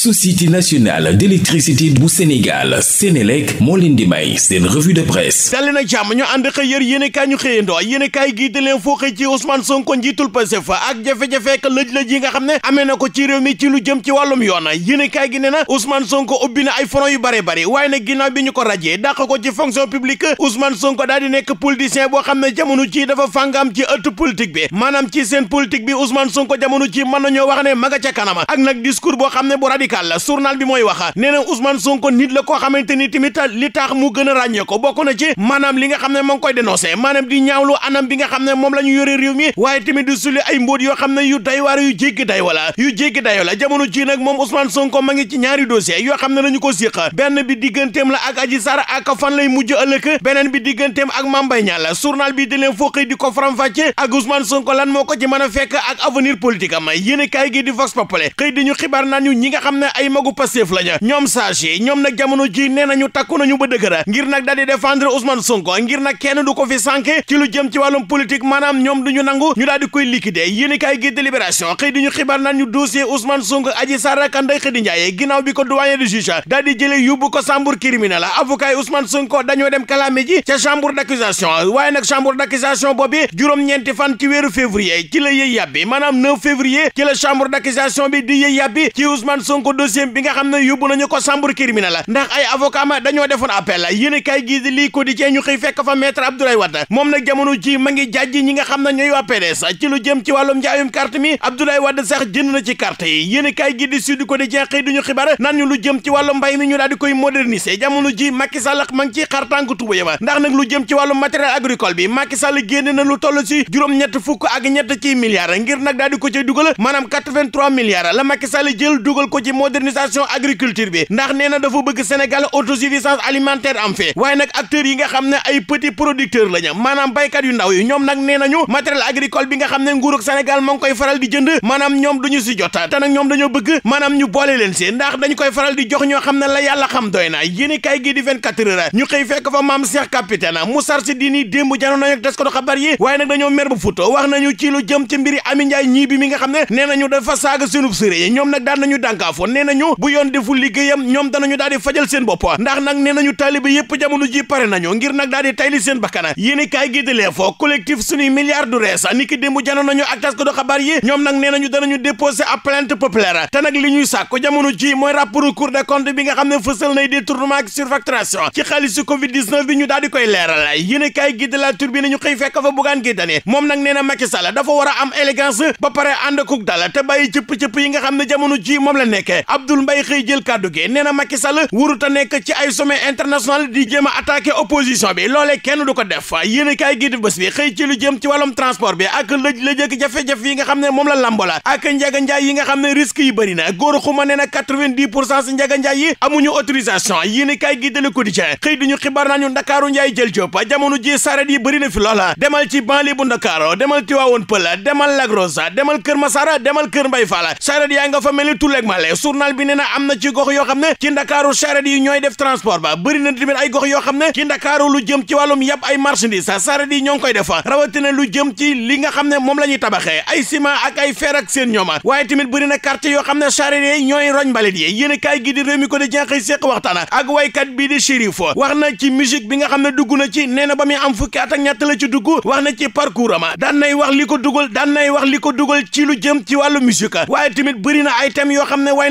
société nationale d'électricité bu Sénégal Sénélec moo leen di may seen revue de presse dali na jàmm ñu ànd xëy yër yéenekaay ñu xëyandoo yéenekaay gii di leen foo xëy ci Ousmane Sonko njiitul Pastef ak jafe-jafe ak lëj-lëj yi nga xam ne amee na ko ci réew mi ci lu jëm ci wàllum yoon yéenekaay gi ne na Ousmane Sonko ubbi na ay front yu bare bare waaye nag ginnaaw bi ñu ko rajee dàq ko ci fonction publique Ousmane Sonko daal di nekk politicien boo xam ne jamono ci dafa fàngaam ci ëtt politique bi maanaam ci seen politique bi Ousmane Sonko jamono ci mën nañoo wax ne maga ca kanama ne syndical la journal bi mooy wax nee na Ousmane Sonko nit la koo xamante ni tamit li tax mu gën a ràññee ko bokk na ci maanaam li nga xam ne moo ngi koy dénoncé di ñaawlu anam bi nga xam moom la ñu yore réew mi waaye tamit di suli ay mbóot yoo xam yu day yu jéggi day yu jéggi dayo la jamono ji moom Ousmane Sonko ma ngi ci ñaari dossier yoo xam la ñu ko siqa benn bi digganteem la ak Adji Sarr ak fan lay mujj ëllëg beneen bi digganteem moo ko ci mën a fekk ak avenir politique a xam ne ay magu Pastef lañu ñoom sage yi ñoom nag jamono ji nee nañu takku nañu ba dëgër ngir nag daal di défendre Ousmane Sonko ngir nag kenn du ko fi jëm ci wàllum politique maanaam ñoom du ñu nangu ñu daal di koy liquider yéen i kaay gi délibération xëy di ñu xibaar naan ñu dossier Ousmane Sonko Adji Sarr ak Ndèye Khady Ndiaye ginnaaw bi ko doyen de juge daal di jële yóbbu ko chambre criminelle avocat yi Ousmane Sonko dañoo dem kalaame ji ca chambre d'accusation waaye nag chambre d'accusation boobu juróom-ñeenti fan ci weeru février ci la yëy yàbbi maanaam bi di yëy yàbbi ci Ousmane ko dossier bi nga xam ne yóbbu nañu ko chambre criminelle ndax ay avocat ma dañoo defoon appel yéen a kaay gii di lii ñu xëy fekk fa maître Abdoulaye Wade moom nag jamono ji ma ngi ñi nga xam ne ñooy waa PDS ci lu jëm ci wàllum njaayum carte mi Abdoulaye Wade sax jënd na ci carte yi yéen a kaay gii di Sud Quotidien xëy duñu xibaar naan ñu lu jëm ci wàllum mbay mi ñu daal di koy moderniser jamono ji Macky Sall ma ngi ci xartànku tuba yama ndax nag lu jëm ci wàllum matériel agricole bi Macky Sall génne na lu toll ci juróom-ñett fukk ak ñett ci milliards ngir nag daal di ko ci dugal maanaam 83 milliards la Macky Sall jël dugal ko ci modernisation agriculture bi ndax nee na dafa bëgg Sénégal autosuffisance alimentaire am fee waaye nag acteurs yi nga xam ne ay petits producteurs lañu maanaam béykat yu ndaw yi ñoom nag nee nañu matériel agricole bi nga xam ne nguurug Sénégal moo ngi koy faral di jënd maanaam ñoom duñu si jot te nag ñoom dañoo bëgg maanaam ñu boole leen si ndax dañu koy faral di jox ñoo xam ne la yàlla xam doy na yéen i kayi gii di 24 heures ñu xëy fekk fa maam Cheikh Capitaine waaye nag dañoo mer bu wax nañu ci lu jëm ci mbiri Ami Njaay mi nga xam ne nee nañu dafa saaga sunub sëriñ ñoom nag daan nañu dànkaafoo nee nañu bu yoon deful liggéeyam ñoom danañu daal di fajal seen bopp ndax nag nee nañu taalibe yépp jamono ji pare nañu ngir nag daal di tayli seen bakkana yéen i kaay gi di leefoo collectif suñuy milliards du rees ni ki démb janoon nañu ak tas ko do xabaar yi ñoom nag nee nañu danañu déposer ab plainte populaire te nag li ñuy sàkk jamono ji mooy rapport Cour des comptes bi nga xam ne fësal nay détournement ak surfacturation ci xaalisu covid 19 bi ñu daal di koy leeral yéen i kaay gi de ñu xëy fekk fa bugaan gi dane moom nag nee na Macky Sall dafa war a am élégance ba pare ànd ak dal te bàyyi cëpp-cëpp yi nga xam ne jamono ji moom la nekkee loolee mbay xëy jël kàddu gi nee na Macky Sall wurut a nekk ci ay sommet international di jéem a attaqué opposition bi loolee kenn du ko def yéen kaay gi di bés bi xëy ci lu jëm ci wàllum transport bi ak lëj-lëj ak jafe-jafe yi nga xam ne moom la lambo la ak njaga njaay yi nga xam ne risque yi bëri na góor xuma nee na 90 pour cent si njaga njaay yi amuñu autorisation yéen kaay gi di Le Quotidien xëy duñu xibaar naa ñu ndakaaru njaay jël jóp jamono ji saret yi bëri na fi loola demal ci banlieue bu demal Tivaouane Peulh demal Lac Rose demal Kër demal Kër Mbay Faala saret yaa nga fa mel ni tuleeg male su journal bi nee na am na ci gox yoo xam ne ci ndakaaru charrette yi ñooy def transport ba bëri na ay gox yoo xam ne ci ndakaaru lu jëm ci wàllum yàpp ay marchandise charrette yi ñoo koy def rawatina lu jëm ci li nga xam ne moom la ñuy ay ciment ak ay fer seen ñooma waaye tamit bëri na yoo xam ne charrette yi ñooy roñ mbalit yi yéen a kaay gi di réew mi ko di jenqëy séq waxtaan ak waykat bii di Chérif wax na ci musique bi nga xam ne dugg na ci nee na na ci li ko dugal daan nay wax li ko dugal ci lu jëm ci wàllu musique waaye tamit bëri na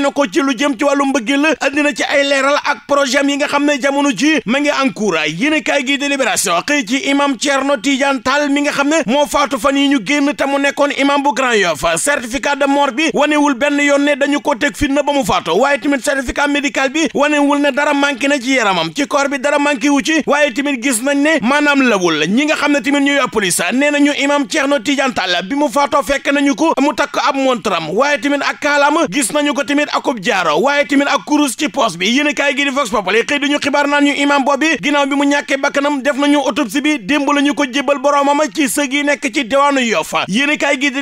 may na ko ci lu jëm ci wàllu mbëggeel andi na ci ay leeral ak projet yi nga xam ne jamono ji ma ngi en cours yéen kaay gi délibération xëy ci imam Thierno Tidiane Tall mi nga xam ne moo faatu fan yi ñu génn te mu nekkoon imam bu Grand Yoff certificat de mort bi wul benn yoon ne dañu ko teg fitna ba mu faatu waaye tamit certificat médical bi wanewul ne dara manqué na ci yaramam ci corps bi dara man manqué wu ci waaye tamit gis nañ ne maanaam la ñi nga xam ne tamit ñooy police nee nañu imam Thierno Tidiane Tall bi mu faatoo fekk nañu ko mu takk ab montram waaye tamit ak kaalaam gis nañu ko tamit akub jaaro waaye tamit ak kurus ci poos bi yéen a kaay gi di Vox Populi xëy duñu xibaar naan ñu imam boobu ginnaaw bi mu ñàkkee bakkanam def nañu autopsie bi démb la ñu ko jébbal boroomam ci sëg yi nekk ci diwaanu Yoff yéen a kaay gi di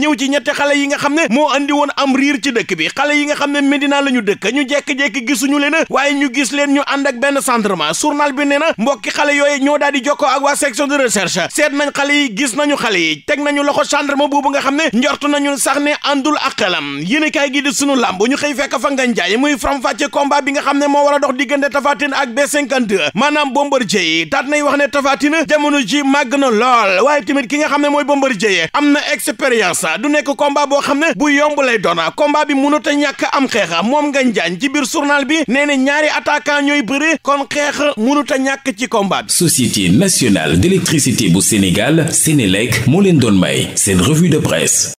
ñëw ci ñetti xale yi nga xam ne moo andi woon am riir ci dëkk bi xale yi nga xam ne Medina la ñu dëkk ñu jekk-jekk gisuñu leen waaye ñu gis leen ñu ànd ak benn gendarme journal bi nee na mbokki xale yooyu ñoo daal di jokkoo ak waa section de seet nañ xale yi gis nañu xale yi teg nañu loxo gendarme boobu nga xam ne njort nañu sax ne àndul ak xelam yéen di sunu làmb boo ñu xëy fekk fa ngañ jaay muy faram-fàcce combat bi nga xam ne moo war a dox diggante Tapha ak B52 maanaam Bombardier daat nay wax ne Tapha Tine jamono ji màgg na lool waaye tamit ki nga xam ne mooy Bombardier am na expérience du nekk combat boo xam ne bu yomb lay doona combat bi mënut a ñàkk am xeexa moom ngañ jaañ ci biir journal bi nee na ñaari attaquant ñooy bëri kon xeex mënut a ñàkk ci combat bi Société nationale d'électricité bu Sénégal Sénélec moo leen doon may seen revue de presse